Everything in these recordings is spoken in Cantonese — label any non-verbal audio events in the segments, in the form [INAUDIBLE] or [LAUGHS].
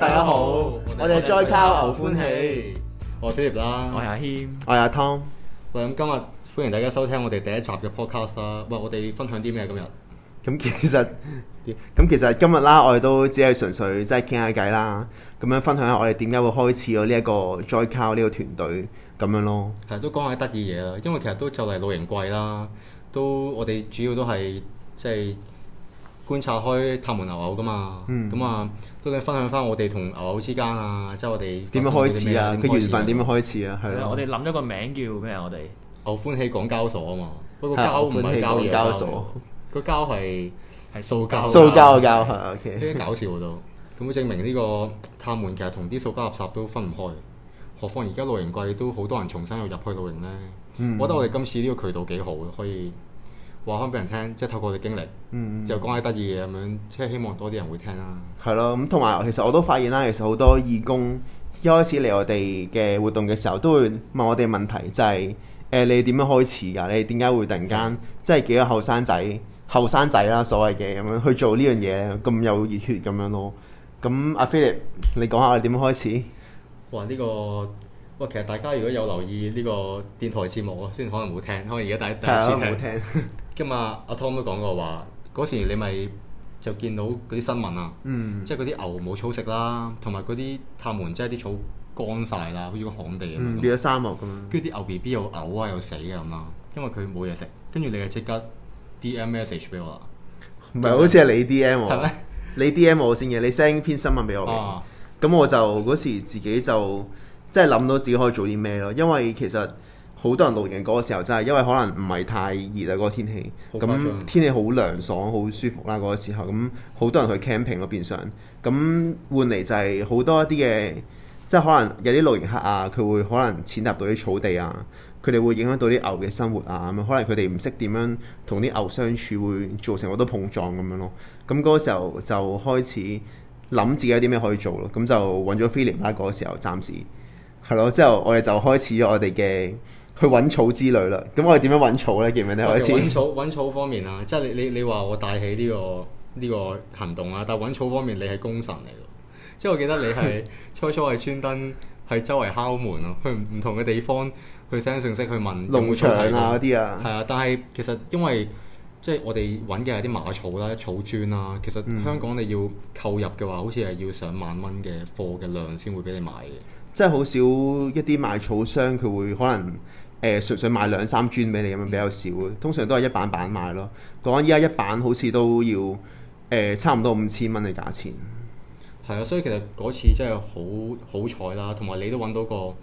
大家好，哦、我哋 Joy Cow 牛歡喜，我 Philip 啦，我係阿謙，我係阿湯，喂，咁今日歡迎大家收聽我哋第一集嘅 podcast 啦，喂，我哋分享啲咩今日？咁、嗯、其實，咁、嗯、其實今日啦，我哋都只係純粹即係傾下偈啦，咁樣分享下我哋點解會開始咗呢一個 Joy Cow 呢個團隊咁樣咯，係都講下得意嘢啦，因為其實都就嚟露營季啦，都我哋主要都係即係。觀察開塔門牛牛㗎嘛，咁啊都想分享翻我哋同牛牛之間啊，即係我哋點樣開始啊，佢緣分點樣開始啊。係啦，我哋諗咗個名叫咩啊，我哋牛歡喜港交所啊嘛，不過交唔係交易，交所個交係係塑膠，塑膠交，啲搞笑都，咁會證明呢個塔門其實同啲塑膠垃圾都分唔開，何況而家露營季都好多人重新又入去露營咧，我覺得我哋今次呢個渠道幾好可以。話翻俾人聽，即係透過我哋經歷，嗯、就講下得意嘢咁樣，即係希望多啲人會聽啦、啊。係咯，咁同埋其實我都發現啦，其實好多義工一開始嚟我哋嘅活動嘅時候，都會問我哋問題，就係、是、誒、呃、你點樣開始噶、啊？你點解會突然間、嗯、即係幾個後生仔、後生仔啦，所謂嘅咁樣去做呢樣嘢咁有熱血咁樣咯？咁阿 Philip，你講下你點樣開始？哇！呢、這個哇，其實大家如果有留意呢個電台節目咯，先可能冇聽，可能而家第一第一次冇聽。嗯、啊，阿 Tom 都講過話，嗰時你咪就見到嗰啲新聞啊、嗯，即係嗰啲牛冇草食啦，同埋嗰啲塔門即係啲草乾晒啦，好似個旱地咁。變咗沙漠咁。跟住啲牛 B B 又嘔啊，又死啊咁啦，因為佢冇嘢食。跟住你就即刻 DM message 俾我，唔係是、嗯、好似係你 D M 我，嗎你 D M 我先嘅，你 send 篇新聞俾我咁、啊、我就嗰時自己就即係諗到自己可以做啲咩咯，因為其實。好多人露營嗰個時候，真係因為可能唔係太熱啊，嗰、那個天氣，咁天氣好涼爽、好舒服啦。嗰個時候，咁好、啊那個、多人去 camping 嗰邊上，咁換嚟就係好多一啲嘅，即係可能有啲露營客啊，佢會可能踐踏到啲草地啊，佢哋會影響到啲牛嘅生活啊，咁可能佢哋唔識點樣同啲牛相處，會造成好多碰撞咁樣咯。咁、那、嗰個時候就開始諗自己有啲咩可以做咯，咁就揾咗 feeling 啦嗰個時候，暫時係咯。之後我哋就開始咗我哋嘅。去揾草之類啦，咁我哋點樣揾草呢？記唔記得揾草、揾草方面啊，即係你你你話我帶起呢個、呢個行動啊，但係揾草方面你係功臣嚟㗎，即係我記得你係 [LAUGHS] 初初係專登喺周圍敲門啊，去唔同嘅地方去 send 信息去問農場啊嗰啲啊，係啊，但係其實因為即係我哋揾嘅係啲馬草啦、啊、草磚啦、啊，其實香港你要購入嘅話，嗯、好似係要上萬蚊嘅貨嘅量先會俾你買嘅、嗯，即係好少一啲賣草商佢會可能。誒、呃，純粹買兩三磚俾你咁樣比較少，通常都係一板板買咯。講緊依家一板好似都要誒、呃，差唔多五千蚊嘅價錢。係啊，所以其實嗰次真係好好彩啦，同埋你都揾到個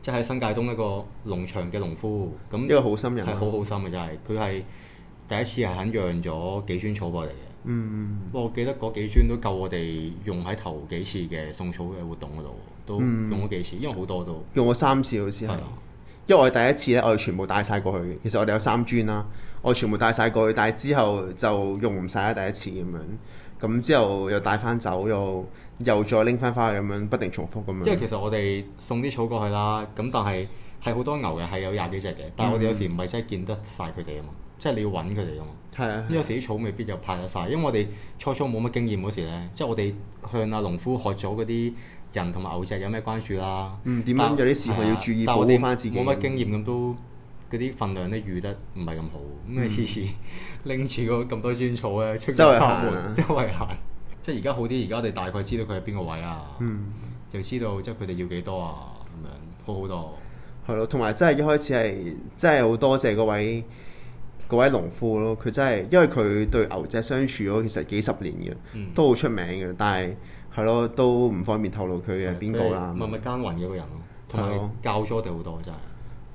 即係、就是、新界東一個農場嘅農夫。咁一個好心人係好好心嘅就係，佢係第一次係肯讓咗幾磚草過嚟嘅。嗯，我記得嗰幾磚都夠我哋用喺頭幾次嘅送草嘅活動嗰度，都用咗幾次，因為好多都、嗯、用咗三次好似係。因為我哋第一次咧，我哋全部帶晒過去。其實我哋有三樽啦，我哋全部帶晒過去，但係之後就用唔晒啦。第一次咁樣，咁之後又帶翻走，又又再拎翻翻去咁樣，不停重複咁樣。即係其實我哋送啲草過去啦，咁但係係好多牛嘅，係有廿幾隻嘅。但係我哋有時唔係真係見得晒佢哋啊嘛，嗯、即係你要揾佢哋啊嘛。係啊。呢有時啲草未必就派得晒，因為我哋初初冇乜經驗嗰時咧，即係我哋向阿農夫學咗嗰啲。人同埋牛隻有咩關注啦、啊？嗯，點樣，樣但有啲時候要注意保護翻自己。冇乜經驗咁都嗰啲份量都預得唔係咁好，咁你次次拎住咁多磚草咧出咗周圍行、啊，周圍行、啊圍，即係而家好啲。而家我哋大概知道佢係邊個位啊？嗯，就知道即係佢哋要幾多啊？咁樣好好多。係咯，同埋真係一開始係真係好多謝嗰位嗰位農夫咯。佢真係因為佢對牛隻相處咗其實幾十年嘅，都好出名嘅，但係。係咯，都唔方便透露佢係邊個啦。物咪奸雲嘅個人咯，同埋的教咗我哋好多真係。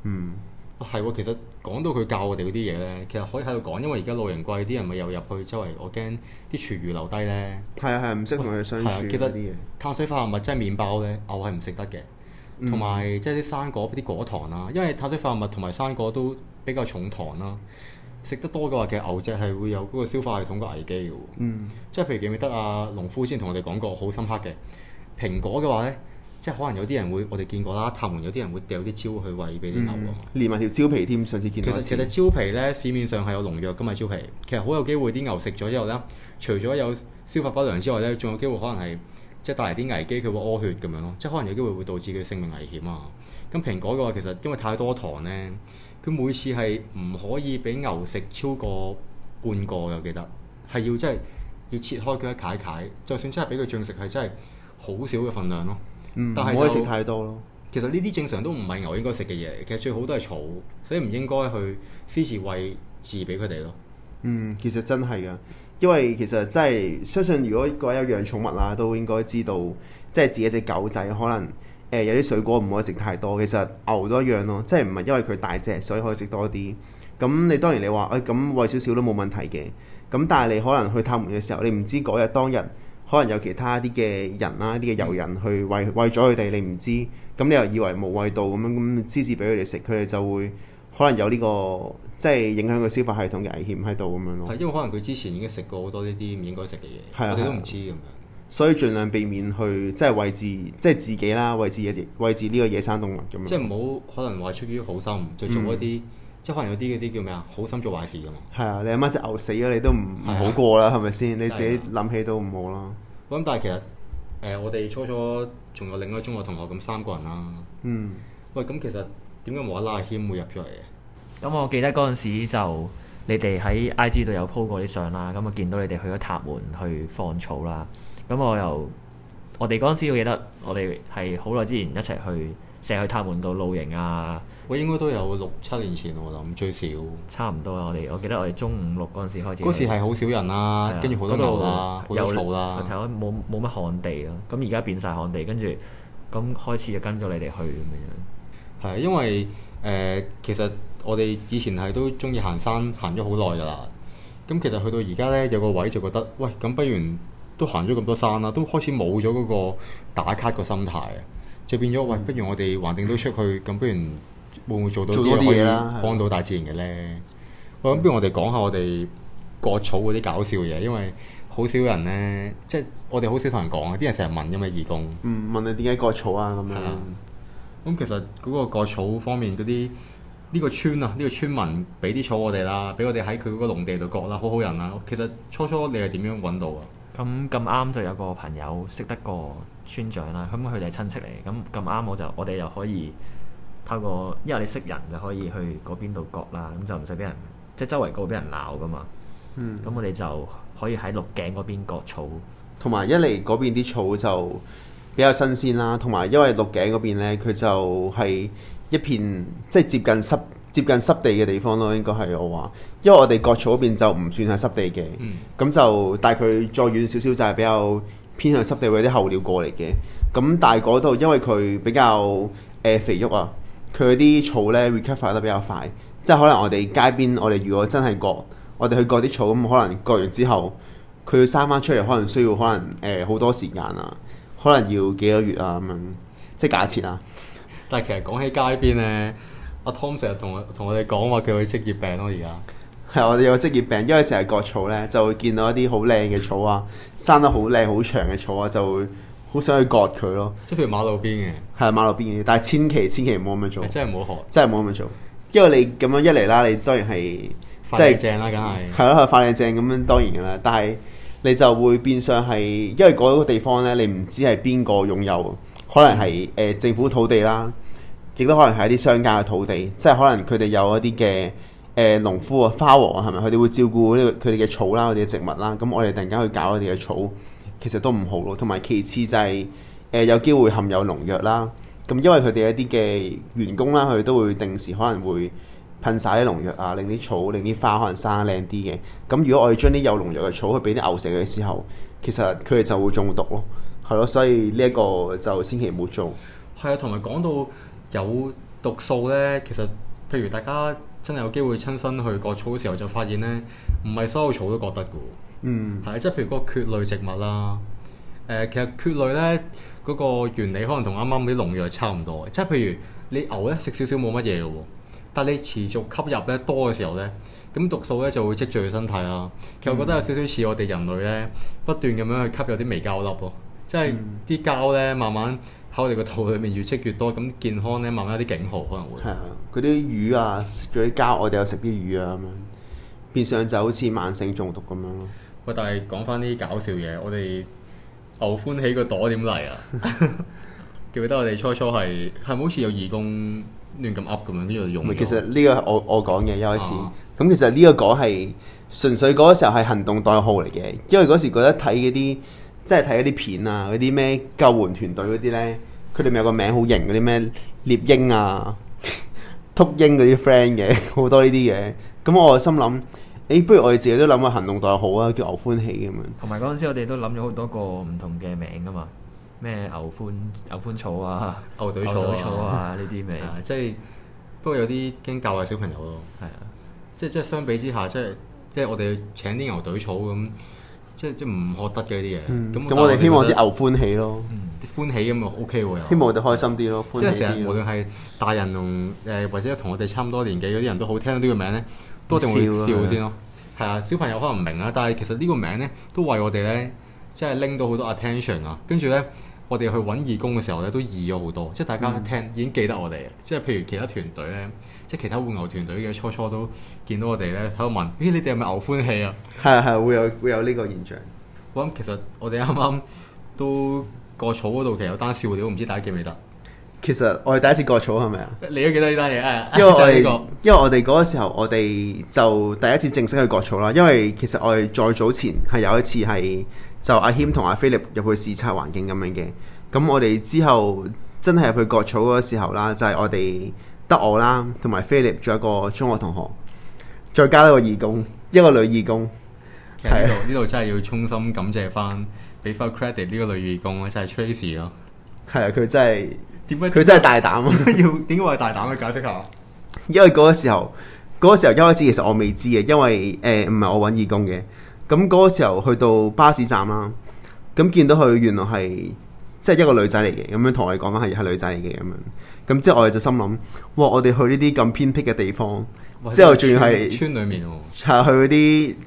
嗯，係喎、啊，其實講到佢教我哋嗰啲嘢咧，其實可以喺度講，因為而家露營貴，啲人咪又入去周圍，我驚啲廚餘留低咧。係啊，係啊，唔識同佢相處。其實碳水化合物即係麵包咧，牛係唔食得嘅，同埋即係啲生果啲果糖啦，因為碳水化合物同埋生果都比較重糖啦。食得多嘅話，其實牛隻係會有嗰個消化系統嘅危機嘅喎。嗯。即係譬如記唔記得啊農夫先同我哋講過，好深刻嘅。蘋果嘅話咧，即係可能有啲人會，我哋見過啦，塔門有啲人會掉啲蕉去餵俾啲牛喎。嗯。連埋條蕉皮添，上次見到一次。其實其實蕉皮咧，市面上係有農藥㗎嘛。蕉皮，其實好有機會啲牛食咗之後咧，除咗有消化不良之外咧，仲有機會可能係即係帶嚟啲危機，佢會屙血咁樣咯。即係可能有機會會導致佢性命危險啊。咁蘋果嘅話，其實因為太多糖咧。佢每次係唔可以俾牛食超過半個，我記得係要即係要切開佢一塊塊，就算真係俾佢進食係真係好少嘅份量咯。唔，嗯，唔可以食太多咯。其實呢啲正常都唔係牛應該食嘅嘢，其實最好都係草，所以唔應該去私自餵餌俾佢哋咯。嗯，其實真係噶，因為其實真係相信，如果各位有養寵物啦，都應該知道，即係自己隻狗仔可能。誒、呃、有啲水果唔可以食太多，其實牛都一樣咯，即係唔係因為佢大隻所以可以食多啲？咁你當然你話，誒咁餵少少都冇問題嘅。咁但係你可能去塔門嘅時候，你唔知嗰日當日可能有其他啲嘅人啦，啲嘅遊人去餵餵咗佢哋，你唔知。咁你又以為冇餵到咁樣咁滋滋俾佢哋食，佢哋就會可能有呢、這個即係影響個消化系統嘅危險喺度咁樣咯。因為可能佢之前已經食過好多呢啲唔應該食嘅嘢，係啊是的，佢都唔知咁樣。所以盡量避免去，即係餵自即係自己啦，餵自野自餵自呢個野生動物咁樣，即唔好可能話出於好心就做一啲，嗯、即係可能有啲啲叫咩啊？好心做壞事㗎嘛。係啊，你阿媽隻牛死咗，你都唔唔是、啊、好過啦，係咪先？你自己諗起都唔好啦。咁、啊、但係其實誒、呃，我哋初初仲有另一個中學同學咁三個人啦。嗯。喂，咁其實點解無啦啦軒會入咗嚟嘅？咁我記得嗰陣時就你哋喺 I G 度有 po 過啲相啦，咁啊見到你哋去咗塔門去放草啦。咁我又，我哋嗰陣時，我記得我哋係好耐之前一齊去成日去塔門度露營啊。我應該都有六七年前我，我諗最少差唔多啦。我哋我記得我哋中五、六嗰陣時開始。嗰時係好少人啦、啊，跟住好多路啦、啊，好多路啦、啊。冇冇乜旱地啦、啊。咁而家變晒旱地，跟住咁開始就跟咗你哋去咁樣。係、啊、因為誒、呃，其實我哋以前係都中意行山，行咗好耐噶啦。咁其實去到而家咧，有個位就覺得喂，咁不如。都行咗咁多山啦、啊，都開始冇咗嗰個打卡個心態啊，就變咗喂、嗯哎，不如我哋橫定都出去咁，不如會唔會做到啲嘢啦？幫到大自然嘅咧？我諗不如我哋講下我哋割草嗰啲搞笑嘢，因為好少人咧，即係我哋好少同人講啊，啲人成日問因為義工，嗯，問你點解割草啊咁樣、嗯。咁、啊、其實嗰個割草方面嗰啲呢個村啊，呢、呢個村民俾啲草我哋啦，俾我哋喺佢嗰個農地度割啦，好好人啊。其實初初你係點樣揾到啊？咁咁啱就有個朋友識得個村長啦。咁佢哋係親戚嚟，咁咁啱我就我哋又可以透過，嗯、因為你識人就可以去嗰邊度割啦。咁就唔使俾人即係、就是、周圍個俾人鬧㗎嘛。嗯，咁我哋就可以喺鹿頸嗰邊割草，同埋一嚟嗰邊啲草就比較新鮮啦。同埋因為鹿頸嗰邊咧，佢就係一片即係、就是、接近濕。接近濕地嘅地方咯，應該係我話，因為我哋割草嗰邊就唔算係濕地嘅，咁、嗯、就帶佢再遠少少就係比較偏向濕地嗰啲候鳥過嚟嘅。咁但係嗰度因為佢比較誒、呃、肥沃啊，佢嗰啲草咧 recuperate 得比較快，即係可能我哋街邊我哋如果真係割，我哋去割啲草咁，可能割完之後佢要生翻出嚟，可能需要可能誒好、呃、多時間啊，可能要幾多月啊咁樣，即係假設啊。但係其實講起街邊咧。阿 Tom 成日同我同我哋講話佢有職業病咯、啊，而家係我哋有職業病，因為成日割草咧，就會見到一啲好靚嘅草啊，生得好靚、好長嘅草啊，就會好想去割佢咯。即係譬如馬路邊嘅，係馬路邊嘅，但係千祈千祈唔好咁樣做，真係唔好學，真係唔好咁樣做，因為你咁樣一嚟啦，你當然係快靚正啦、啊，梗係係咯，快靚正咁樣當然噶啦，但係你就會變相係，因為嗰個地方咧，你唔知係邊個擁有，可能係誒、呃、政府土地啦。亦都可能係一啲商家嘅土地，即係可能佢哋有一啲嘅誒農夫啊、花王啊，係咪？佢哋會照顧佢哋嘅草啦、佢哋嘅植物啦、啊。咁我哋突然間去搞佢哋嘅草，其實都唔好咯。同埋其次就係、是、誒、呃、有機會含有農藥啦。咁因為佢哋一啲嘅員工啦、啊，佢都會定時可能會噴曬啲農藥啊，令啲草、令啲花可能生得靚啲嘅。咁如果我哋將啲有農藥嘅草去俾啲牛食嘅時候，其實佢哋就會中毒咯，係咯。所以呢一個就千祈唔好做。係啊，同埋講到。有毒素咧，其實譬如大家真係有機會親身去割草嘅時候，就發現咧，唔係所有草都覺得嘅。嗯，係即係譬如嗰個蕨類植物啦。誒、呃，其實蕨類咧嗰、那個原理可能同啱啱啲農藥差唔多。即係譬如你牛咧食少少冇乜嘢嘅喎，但係你持續吸入咧多嘅時候咧，咁毒素咧就會積聚喺身體啦。嗯、其實我覺得有少少似我哋人類咧不斷咁樣去吸有啲微膠粒咯，即係啲膠咧慢慢，我哋個肚裏面越積越多，咁健康咧慢慢有啲警號可能會。係啊，啲魚啊食咗啲膠，我哋又食啲魚啊咁樣，變相就好似慢性中毒咁樣咯。喂，但係講翻啲搞笑嘢，我哋牛歡喜個朵點嚟啊？ [LAUGHS] [LAUGHS] 記得我哋初初係係咪好似有義工亂咁噏咁樣，呢住用。唔係，其實呢個我我講嘅一開始，咁、啊、其實呢個果係純粹嗰個時候係行動代號嚟嘅，因為嗰時覺得睇嗰啲。即係睇嗰啲片啊，嗰啲咩救援團隊嗰啲咧，佢哋咪有個名好型嗰啲咩獵鷹啊、禿鷹嗰啲 friend 嘅，好多呢啲嘢。咁我心諗，誒、欸，不如我哋自己都諗個行動代號啊，叫牛歡喜咁樣。同埋嗰陣時，我哋都諗咗好多個唔同嘅名噶嘛，咩牛歡、牛歡草啊、牛隊草啊呢啲名。即係不過有啲驚教壞小朋友咯。係啊，即係即係相比之下，即係即係我哋請啲牛隊草咁。即即唔學得嘅呢啲嘢，咁咁、嗯、我哋希望啲牛歡喜咯，嗯、歡喜咁啊 OK 喎，希望我哋開心啲咯，歡喜啲。即係成日無論係大人同誒、呃、或者同我哋差唔多年紀嗰啲人都好聽到呢個名咧，都一定會笑先咯。係啊的，小朋友可能唔明啊，但係其實呢個名咧都為我哋咧，即係拎到好多 attention 啊，跟住咧。我哋去揾義工嘅時候咧，都易咗好多。即係大家聽、嗯、已經記得我哋。即係譬如其他團隊咧，即係其他換牛團隊嘅初初都見到我哋咧喺度問：咦、欸，你哋係咪牛歡喜啊？係係會有會有呢個現象。我諗其實我哋啱啱都割草嗰度其實有單笑料，唔知大家記唔記得？其實我哋第一次割草係咪啊？你都記得呢單嘢啊？因為因為我哋嗰、這個、個時候，我哋就第一次正式去割草啦。因為其實我哋再早前係有一次係。就阿謙同阿 Philip 入去視察環境咁樣嘅，咁我哋之後真係入去割草嗰個時候啦，就係、是、我哋得我啦，同埋 Philip 仲有一個中學同學，再加一個義工，一個女義工。喺度呢度真係要衷心感謝翻，俾翻 credit 呢個女義工、就是、啊，就係 Tracy 咯。係啊，啊，佢真係點解佢真係大膽啊？要點解我話大膽去解釋下。因為嗰個時候，嗰、嗰個時候一開始其實我未知嘅，因為誒唔係我揾義工嘅。咁嗰時候去到巴士站啦，咁見到佢原來係即係一個女仔嚟嘅，咁樣同我哋講翻係女仔嚟嘅咁樣，咁之後我哋就心諗，哇！我哋去呢啲咁偏僻嘅地方，哇之後仲要係村裏面喎，係去嗰啲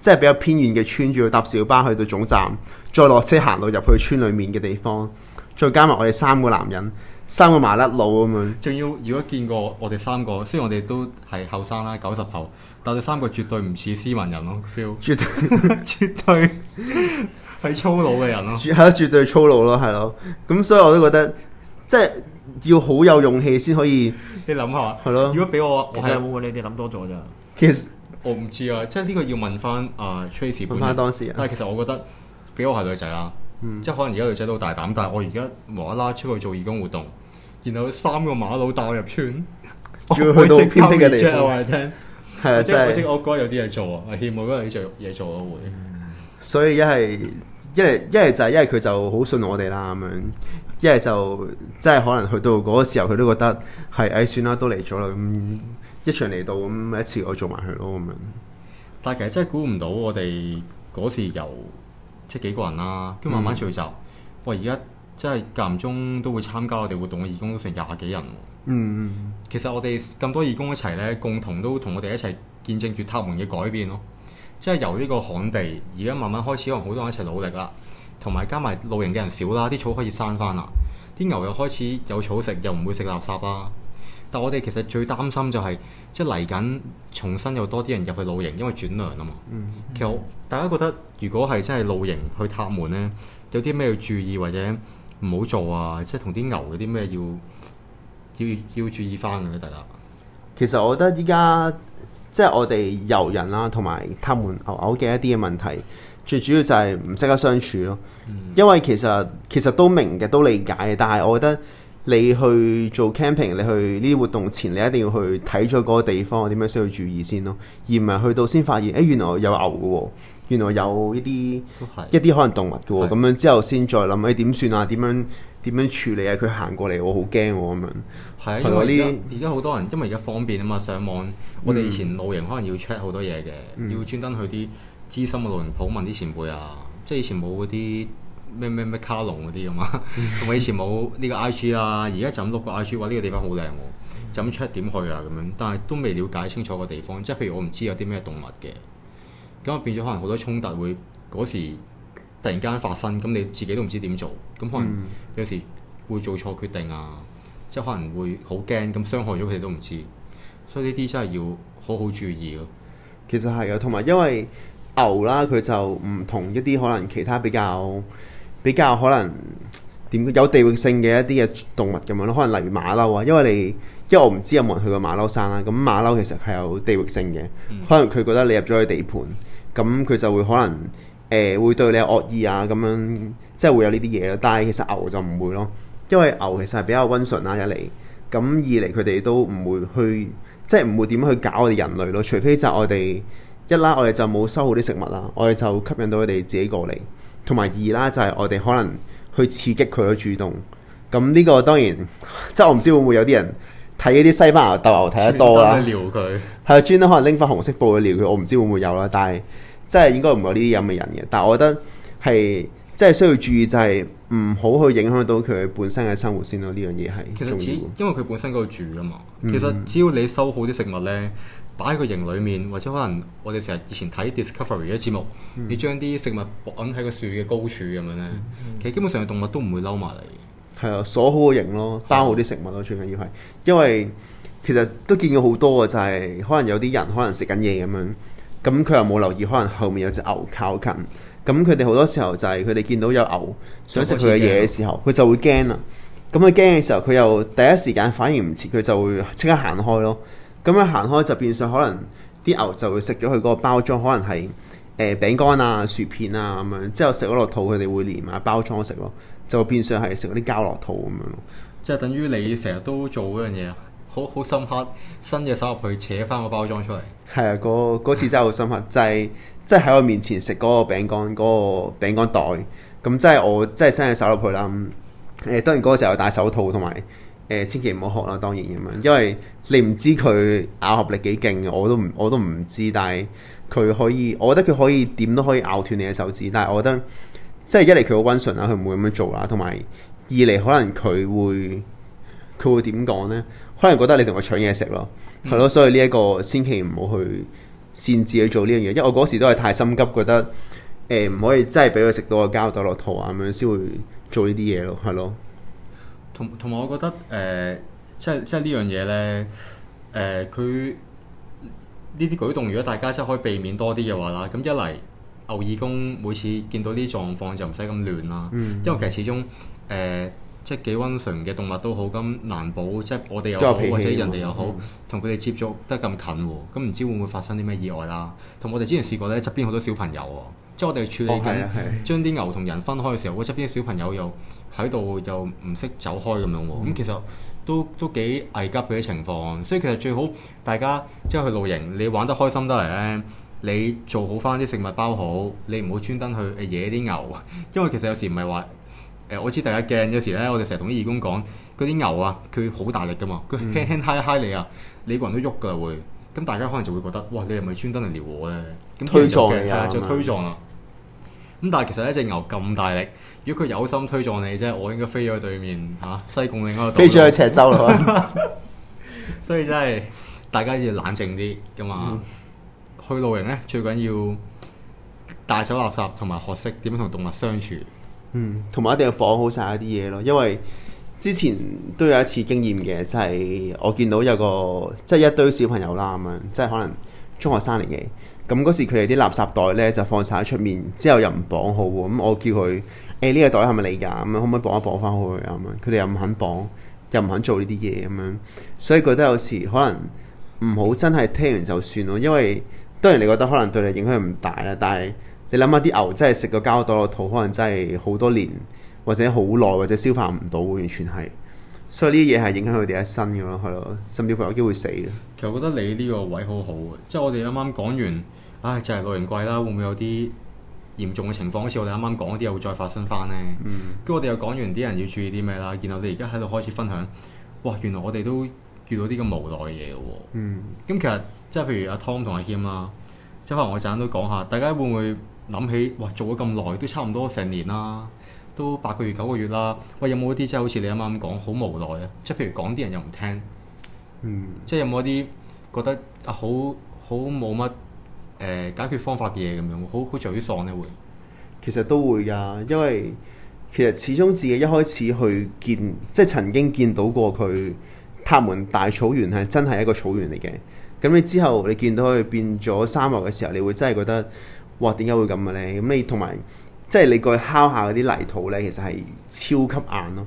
即係比較偏遠嘅村，仲要搭小巴去到總站，再落車行到入去村裏面嘅地方，再加埋我哋三個男人。三個麻甩佬咁樣，仲要如果見過我哋三個，雖然我哋都係後生啦，九十後，但係我哋三個絕對唔似斯文人咯，feel 絕對 [LAUGHS] 絕對係粗魯嘅人咯，係咯，絕對粗魯咯，係咯，咁所以我都覺得即係要好有勇氣先可以，你諗下係咯，的如果俾我，我係冇你哋諗多咗咋，其實我唔其實 知啊，即係呢個要問翻阿、呃、Trace 問翻當事人，但係其實我覺得俾我係女仔啦，即係、嗯、可能而家女仔都好大膽，但係我而家無啦啦出去做義工活動。然後三個馬佬帶我入村，仲要去到偏僻嘅地方。我話你聽，係啊，即係我覺得有啲嘢做啊，我希望覺得有啲嘢做嘅喎。所以一係一係一係就係一係佢就好信我哋啦咁樣，一係就即係可能去到嗰個時候，佢都覺得係唉算啦，都嚟咗啦，咁一場嚟到咁一次我做埋佢咯咁樣。但係其實真係估唔到，我哋嗰時由即係幾個人啦，跟住慢慢聚集。我而家。即係間唔中都會參加我哋活動嘅義工都成廿幾人喎。嗯，其實我哋咁多義工一齊咧，共同都同我哋一齊見證住塔門嘅改變咯。即係由呢個旱地，而家慢慢開始，可能好多人一齊努力啦。同埋加埋露營嘅人少啦，啲草可以生翻啦，啲牛又開始有草食，又唔會食垃圾啦。但我哋其實最擔心就係、是、即係嚟緊重新又多啲人入去露營，因為轉涼啊嘛，嗯。嗯，其實、嗯、大家覺得如果係真係露營去塔門咧，有啲咩要注意或者？唔好做啊！即係同啲牛嗰啲咩要要要注意翻嘅俾大家。其實我覺得依家即係我哋遊人啦，同埋他們牛牛嘅一啲嘅問題，最主要就係唔識得相處咯。因為其實其實都明嘅，都理解嘅，但係我覺得。你去做 camping，你去呢啲活動前，你一定要去睇咗嗰個地方點樣需要注意先咯，而唔係去到先發現，誒、欸、原來有牛㗎喎，原來有呢啲一啲是可能動物㗎喎，咁是樣之後先再諗誒點算啊，點、欸、樣點樣處理啊？佢行過嚟，我好驚我咁樣。係啊，因為而家而家好多人，因為而家方便啊嘛，上網。我哋以前露營可能要 check 好多嘢嘅，嗯、要專登去啲資深嘅露營鋪問啲前輩啊，即係以前冇嗰啲。咩咩咩卡龍嗰啲啊嘛，我 [LAUGHS] 以前冇呢個 I G 啊，而家就咁碌個 I G 話呢個地方好靚喎，就咁 check 點去啊咁樣，但係都未了解清楚個地方，即係譬如我唔知有啲咩動物嘅，咁變咗可能好多衝突會嗰時突然間發生，咁你自己都唔知點做，咁可能有時會做錯決定啊，嗯、即係可能會好驚，咁傷害咗佢哋都唔知，所以呢啲真係要好好注意囉。其實係啊，同埋因為牛啦，佢就唔同一啲可能其他比較。比較可能點有地域性嘅一啲嘅動物咁樣咯，可能例如馬騮啊，因為你因為我唔知有冇人去過馬騮山啦。咁馬騮其實係有地域性嘅，可能佢覺得你入咗佢地盤，咁佢就會可能誒、呃、會對你有惡意啊咁樣，即係會有呢啲嘢咯。但係其實牛就唔會咯，因為牛其實係比較温順啊一嚟，咁二嚟佢哋都唔會去即係唔會點樣去搞我哋人類咯。除非就係我哋一啦，我哋就冇收好啲食物啦，我哋就吸引到佢哋自己過嚟。同埋二啦，就係、是、我哋可能去刺激佢嘅主動，咁呢個當然，即係我唔知會唔會有啲人睇呢啲西班牙鬥牛睇得多啦，撩佢，係專登、啊、可能拎翻紅色布去撩佢，我唔知會唔會有啦，但係即係應該唔會有呢啲咁嘅人嘅，但係我覺得係。即係需要注意，就係唔好去影響到佢本身嘅生活先咯。呢樣嘢係其實只，因為佢本身嗰度住噶嘛。嗯、其實只要你收好啲食物咧，擺喺個營裏面，嗯、或者可能我哋成日以前睇 Discovery 嘅節目，嗯、你將啲食物綁喺個樹嘅高處咁樣咧，嗯嗯、其實基本上動物都唔會嬲埋嚟。係、嗯嗯、啊，鎖好個營咯，包好啲食物咯，嗯、最緊要係，因為其實都見到好多嘅、就是，就係可能有啲人可能食緊嘢咁樣，咁佢又冇留意，可能後面有隻牛靠近。咁佢哋好多時候就係佢哋見到有牛想食佢嘅嘢嘅時候，佢就會驚啦。咁佢驚嘅時候，佢又第一時間反應唔切，佢就會即刻行開咯。咁樣行開就變相可能啲牛就會食咗佢嗰個包裝，可能係誒、呃、餅乾啊、薯片啊咁樣，之後食咗落肚，佢哋會連埋包裝食咯，就變相係食嗰啲膠落肚咁樣。即係等於你成日都做嗰樣嘢，好好深刻，伸隻手入去扯翻個包裝出嚟。係啊，嗰次真係好深刻，就係、是。即喺我面前食嗰個餅乾，嗰、那個餅乾袋，咁即係我即係伸隻手入去啦。誒、呃、當然嗰個時候戴手套同埋誒，千祈唔好學啦。當然咁樣，因為你唔知佢咬合力幾勁，我都唔我都唔知。但係佢可以，我覺得佢可以點都可以咬斷你嘅手指。但係我覺得即係、就是、一嚟佢好溫順啦，佢唔會咁樣做啦。同埋二嚟可能佢會佢會點講呢？可能覺得你同佢搶嘢食咯，係咯、嗯。所以呢、這、一個千祈唔好去。擅自去做呢樣嘢，因為我嗰時都係太心急，覺得誒唔、呃、可以真係俾佢食到個膠袋落肚啊咁樣，先會做呢啲嘢咯，係咯。同同埋我覺得誒、呃，即係即係呢樣嘢咧，誒佢呢啲舉動，如果大家真係可以避免多啲嘅話啦，咁一嚟牛義工每次見到呢啲狀況就唔使咁亂啦。嗯，因為其實始終誒。呃即係幾溫順嘅動物都好咁難保，即係我哋又好皮皮或者人哋又好，同佢哋接觸得咁近喎，咁唔知會唔會發生啲咩意外啦？同我哋之前試過呢，側邊好多小朋友喎，即係我哋處理緊、哦、將啲牛同人分開嘅時候，嗰側邊啲小朋友又喺度又唔識走開咁樣喎。咁、嗯、其實都都幾危急嘅情況，所以其實最好大家即係去露營，你玩得開心得嚟呢，你做好翻啲食物包好，你唔好專登去惹啲牛，因為其實有時唔係話。我知大家驚，有時咧，我哋成日同啲義工講，嗰啲牛啊，佢好大力噶嘛，佢輕輕揩一揩你啊，你個人都喐噶啦，會。咁大家可能就會覺得，哇，你係咪專登嚟撩我咧？咁、嗯、推，推撞啊，就推撞啊。咁但係其實一隻牛咁大力，如果佢有心推撞你啫，即係我應該飛去對面吓、啊、西貢另一個島，飛咗去赤洲啦。 [LAUGHS] [LAUGHS] 所以真係，大家要冷靜啲咁嘛。去露營咧，最緊要帶走垃，垃圾同埋學識點樣同動物相處。嗯，同埋一定要綁好晒一啲嘢咯，因為之前都有一次經驗嘅，就係、是、我見到有個即係、就是、一堆小朋友啦，咁樣即係可能中學生嚟嘅。咁、嗯、嗰時佢哋啲垃圾袋呢，就放晒喺出面，之後又唔綁好喎，咁、嗯、我叫佢誒呢個袋係咪你㗎？咁、嗯、樣可唔可以綁一綁翻好去啊？咁樣佢哋又唔肯綁，又唔肯做呢啲嘢咁樣，所以覺得有時可能唔好真係聽完就算咯，因為當然你覺得可能對你影響唔大啦，但係。你諗下啲牛真係食個膠袋落肚，可能真係好多年，或者好耐，或者消化唔到，完全係。所以呢啲嘢係影響佢哋一生嘅咯，係咯，甚至乎有機會死嘅。其實我覺得你呢個位好好，即係我哋啱啱講完，唉、哎，就係、是、老人貴啦。會唔會有啲嚴重嘅情況？好似我哋啱啱講嗰啲又會再發生翻呢。嗯。跟住我哋又講完啲人要注意啲咩啦。然後我哋而家喺度開始分享，哇！原來我哋都遇到啲咁無奈嘅嘢嘅喎。嗯。咁其實即係譬如阿湯同阿謙啦、啊，即係可能我陣都講下，大家會唔會？諗起哇，做咗咁耐都差唔多成年啦，都八個月九個月啦。喂，有冇一啲即係好似你啱啱講好無奈啊？即係譬如講啲人又唔聽，嗯，即係有冇一啲覺得啊好好冇乜誒解決方法嘅嘢咁樣，好好似有啲喪呢會。其實都會㗎，因為其實始終自己一開始去見，即係曾經見到過佢塔門大草原係真係一個草原嚟嘅。咁你之後你見到佢變咗沙漠嘅時候，你會真係覺得。哇，點解會咁嘅咧？咁、嗯、你同埋即係你過去敲下嗰啲泥土咧，其實係超級硬咯、哦，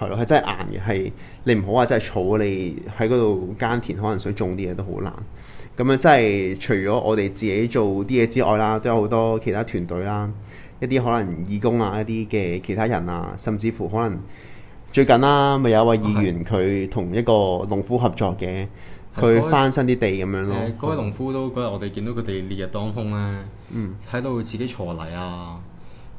係咯，係真係硬嘅。係你唔好話真係草，你喺嗰度耕田，可能想種啲嘢都好難。咁、嗯、啊，即係除咗我哋自己做啲嘢之外啦，都有好多其他團隊啦，一啲可能義工啊，一啲嘅其他人啊，甚至乎可能最近啦、啊，咪有一位議員佢同一個農夫合作嘅。佢翻身啲地咁樣咯。嗰位、那個嗯、農夫都嗰日、嗯、我哋見到佢哋烈日當空咧，喺度、嗯、自己除泥啊，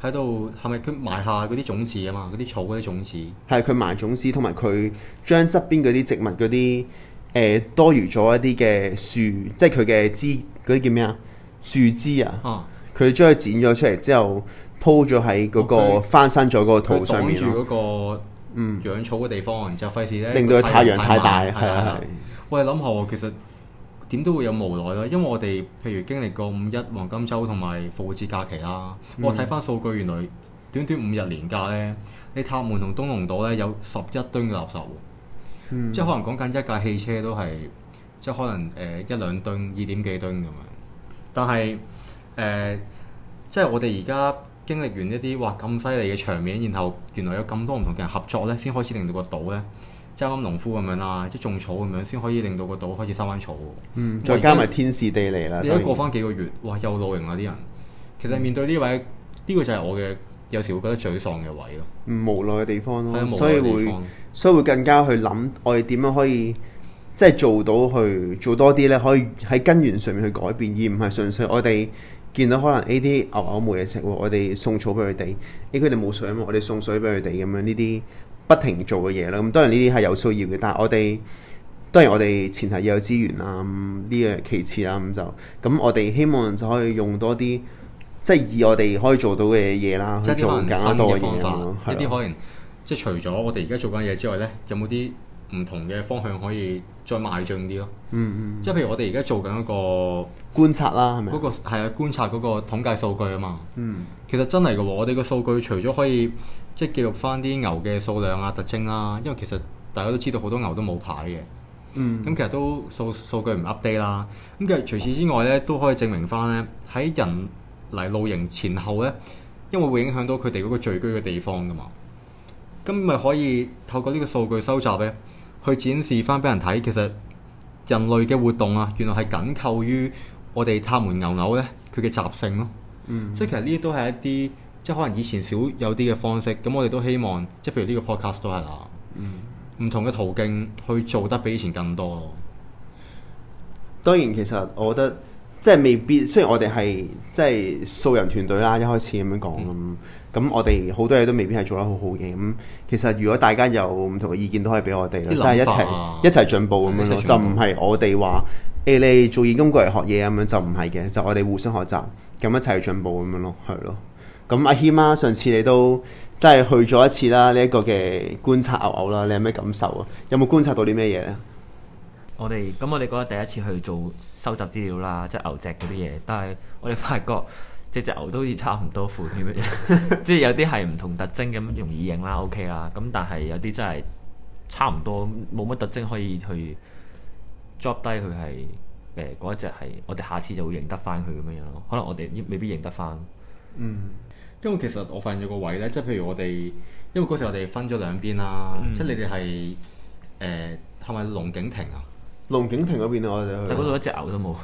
喺度係咪佢埋下嗰啲種子啊嘛？嗰啲草嗰啲種子係佢埋種子，同埋佢將側邊嗰啲植物嗰啲誒多餘咗一啲嘅樹，即係佢嘅枝嗰啲叫咩啊？樹枝啊，佢將佢剪咗出嚟之後鋪咗喺嗰個翻身咗嗰個土上面咯。啊、住嗰個嗯養草嘅地方，然之後費事咧令到佢太陽太大，係啊係。我哋諗下喎，其實點都會有無奈啦，因為我哋譬如經歷過五一黃金周同埋復活節假期啦、啊，嗯、我睇翻數據，原來短短五日連假呢，你塔門同東龍島呢，有十一噸嘅垃圾喎，嗯、即係可能講緊一架汽車都係，即係可能誒、呃、一兩噸二點幾噸咁樣，但係誒、呃、即係我哋而家經歷完一啲哇咁犀利嘅場面，然後原來有咁多唔同嘅人合作呢，先開始令到個島呢。即係農夫咁樣啦，即係種草咁樣，先可以令到個島開始收翻草。嗯，再加埋天時地利啦。而家過翻幾個月，哇，又露營啊啲人。其實面對呢位，呢、嗯、個就係我嘅有時會覺得沮喪嘅位咯、嗯，無奈嘅地方咯、啊，方所以會所以會更加去諗我哋點樣可以即係、就是、做到去做多啲咧，可以喺根源上面去改變，而唔係純粹我哋見到可能呢啲牛牛冇嘢食喎，我哋送草俾佢哋，哎佢哋冇水我哋送水俾佢哋咁樣呢啲。不停做嘅嘢啦，咁當然呢啲係有需要嘅，但係我哋當然我哋前提要有資源啦，呢、嗯、樣其次啦，咁、嗯、就咁、嗯、我哋希望就可以用多啲，即係以我哋可以做到嘅嘢啦去做更加多嘅嘢。法，啊、一啲可能即係除咗我哋而家做緊嘢之外咧，有冇啲？唔同嘅方向可以再邁進啲咯、嗯，嗯嗯，即係譬如我哋而家做緊一個觀察啦，係咪？嗰、嗰個係啊，觀察嗰個統計數據啊嘛，嗯，其實真係嘅話，我哋個數據除咗可以即係記錄翻啲牛嘅數量啊、特徵啦，因為其實大家都知道好多牛都冇牌嘅，嗯，咁其實都數數據唔 update 啦，咁其實除此之外咧都可以證明翻咧喺人嚟露營前後咧，因為會影響到佢哋嗰個聚居嘅地方㗎嘛，咁咪可以透過呢個數據收集咧。去展示翻俾人睇，其實人類嘅活動啊，原來係緊扣於我哋塔門牛牛咧，佢嘅習性咯、啊。嗯，即係其實呢啲都係一啲，即係可能以前少有啲嘅方式。咁我哋都希望，即係譬如呢個 podcast 都係啦。嗯，唔同嘅途徑去做得比以前更多咯。當然，其實我覺得。即係未必，雖然我哋係即係素人團隊啦，一開始咁樣講咯。咁、嗯、我哋好多嘢都未必係做得好好嘅。咁其實如果大家有唔同嘅意見，都可以俾我哋，就係、啊、一齊一齊進步咁樣咯。就唔係我哋話誒你做義工過嚟學嘢咁樣，就唔係嘅。就我哋互相學習，咁一齊去進步咁樣咯，係咯。咁阿謙啊，上次你都即係去咗一次啦，呢、這、一個嘅觀察牛牛啦，你有咩感受啊？有冇觀察到啲咩嘢咧？我哋咁，我哋嗰日第一次去做收集資料啦，即牛隻嗰啲嘢。但係我哋發覺，隻隻牛都好似差唔多款咁樣，即 [LAUGHS] [LAUGHS] 有啲係唔同特徵咁容易認啦，OK 啦。咁但係有啲真係差唔多，冇乜特徵可以去 drop 低佢係誒嗰一隻係。我哋下次就會認得翻佢咁樣樣咯。可能我哋未必認得翻。嗯，因為其實我發現咗個位咧，即譬如我哋，因為嗰時我哋分咗兩邊啦，嗯、即你哋係誒係咪龍景亭啊？龍景亭嗰邊啊，我哋去，但嗰度一隻牛都冇。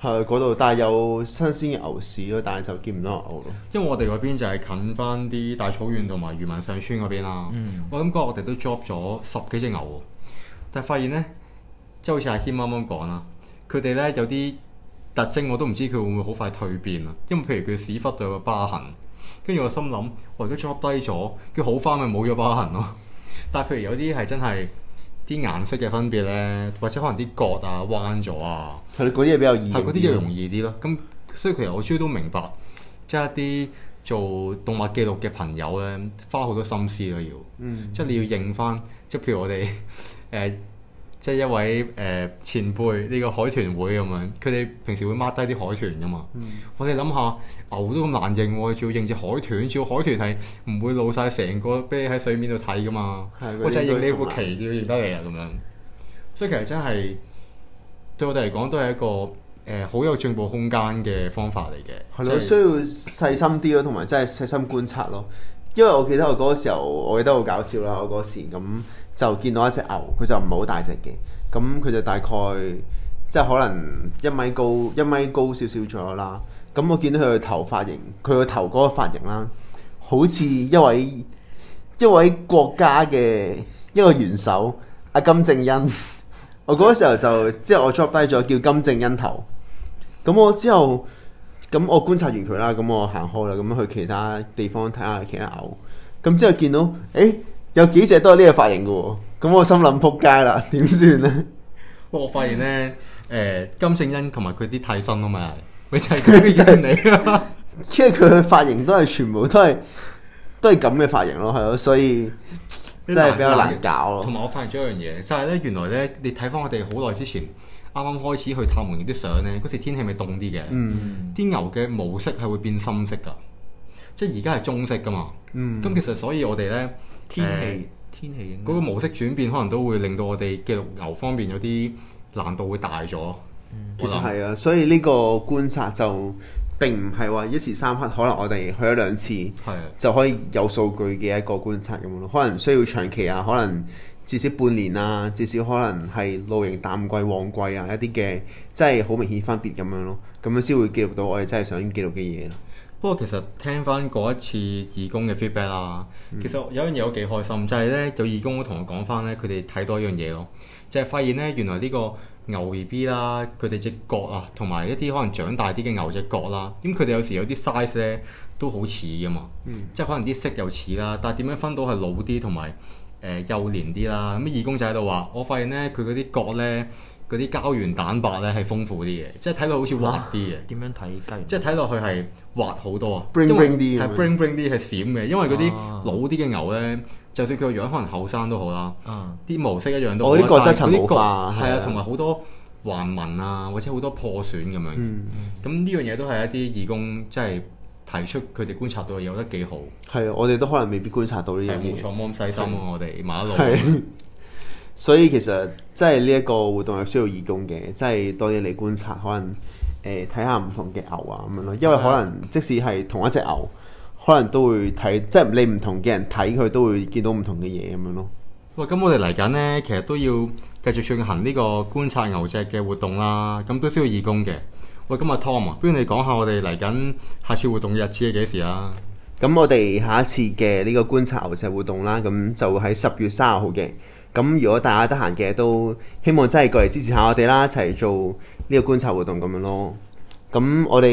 係嗰度，但係有新鮮嘅牛屎咯，但係就見唔到牛咯。因為我哋嗰邊就係近翻啲大草原同埋、嗯、漁民上村嗰邊啦。嗯、我諗嗰日我哋都 drop 咗十幾隻牛喎，但係發現咧，即係好似阿謙啱啱講啦，佢哋咧有啲特徵我都唔知佢會唔會好快退變啊。因為譬如佢屎忽度有個疤痕，跟住我心諗，我哋都 drop 低咗，佢好翻咪冇咗疤痕咯。但係譬如有啲係真係。啲顏色嘅分別咧，或者可能啲角啊彎咗啊，係嗰啲嘢比較易，啲嘢容易啲咯。咁所以其實我終於都明白，即係一啲做動物記錄嘅朋友咧，花好多心思都要，嗯嗯，即係你要認翻，即係譬如我哋誒。呃即係一位誒、呃、前輩，呢、這個海豚會咁樣，佢哋平時會 mark 低啲海豚噶嘛。嗯、我哋諗下，牛都咁難認、哦，我哋仲要認住海豚，照海豚係唔會露晒成個啤喺水面度睇噶嘛。我就係認你副鰭，要認得嚟啦咁樣。嗯、所以其實真係對我哋嚟講都係一個誒好、呃、有進步空間嘅方法嚟嘅。係咯的，就是、需要細心啲咯，同埋真係細心觀察咯。因為我記得我嗰時候，我記得好搞笑啦，我嗰時咁。那那就見到一隻牛，佢就唔係好大隻嘅，咁佢就大概即係、就是、可能一米高一米高少少左右啦。咁我見到佢嘅頭髮型，佢嘅頭嗰個髮型啦，好似一位一位國家嘅一個元首阿，金正恩。我嗰時候就即係 [LAUGHS] 我 drop 低咗叫金正恩頭。咁我之後咁我觀察完佢啦，咁我行開啦，咁去其他地方睇下其他牛。咁之後見到，誒、欸。有幾隻都係呢個髮型嘅喎，咁我心諗仆街啦，點算咧？我發現咧，誒、嗯呃、金正恩同埋佢啲替身啊嘛，咪 [LAUGHS] 就係佢認你，因為佢嘅髮型都係全部都係都係咁嘅髮型咯，係咯，所以真係比較難搞。同埋、嗯、我發現咗一樣嘢，就係、是、咧，原來咧，你睇翻我哋好耐之前啱啱開始去塔門嘅啲相咧，嗰時天氣咪凍啲嘅，嗯，啲牛嘅模式係會變深色噶，即係而家係棕色噶嘛，嗯，咁其實所以我哋咧。天氣、嗯、天氣嗰個模式轉變，可能都會令到我哋記錄牛方面有啲難度會大咗。嗯、想其實係啊，所以呢個觀察就並唔係話一時三刻，可能我哋去咗兩次就可以有數據嘅一個觀察咁樣咯。的嗯、可能需要長期啊，可能至少半年啊，至少可能係露營淡季旺季啊一啲嘅，即係好明顯分別咁樣咯。咁樣先會記錄到我哋真係想記錄嘅嘢咯。不過其實聽翻嗰一次義工嘅 feedback 啦，嗯、其實有樣嘢我幾開心，就係咧有義工都同我講翻咧，佢哋睇多一樣嘢咯，就係、是、發現咧原來呢個牛 B B 啦，佢哋隻角啊，同埋一啲可能長大啲嘅牛隻角啦，咁佢哋有時有啲 size 咧都好似㗎嘛，嗯、即係可能啲色又似啦，但係點樣分到係老啲同埋誒幼年啲啦？咁義工就喺度話，我發現咧佢嗰啲角咧。嗰啲膠原蛋白咧係豐富啲嘅，即係睇落好似滑啲嘅。點樣睇雞？即係睇落去係滑好多啊，啲咁。係 bling bling 啲，係閃嘅。因為嗰啲老啲嘅牛咧，就算佢個樣可能後生都好啦，啲模式一樣都冇斑紋冇花。係啊，同埋好多橫紋啊，或者好多破損咁樣。咁呢樣嘢都係一啲義工即係提出佢哋觀察到有得幾好。係啊，我哋都可能未必觀察到呢樣嘢。冇錯，冇咁細心啊！我哋馬路。所以其實即係呢一個活動係需要義工嘅，即係多啲嚟觀察，可能誒睇下唔同嘅牛啊咁樣咯。因為可能即使係同一隻牛，可能都會睇即係你唔同嘅人睇佢都會見到唔同嘅嘢咁樣咯。喂，咁我哋嚟緊咧，其實都要繼續進行呢個觀察牛隻嘅活動啦。咁都需要義工嘅。喂，咁阿 Tom 啊，不如你講下我哋嚟緊下次活動嘅日子係幾時啊？咁我哋下一次嘅呢個觀察牛隻活動啦，咁就喺十月三十號嘅。咁如果大家得閒嘅都希望真係過嚟支持下我哋啦，一齊做呢個觀察活動咁樣咯。咁我哋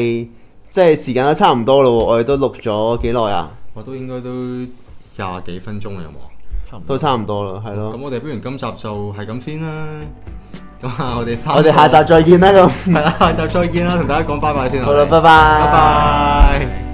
即係時間都差唔多咯喎，我哋都錄咗幾耐啊？我都應該都廿幾分鐘啦，有冇？差唔多，都差唔多啦，係咯，哦。咁我哋不如今集就係咁先啦。咁 [LAUGHS] 我哋我哋下集再見啦，咁係啦，下集再見啦，同大家講拜拜先啦。好啦了，拜拜們，拜拜。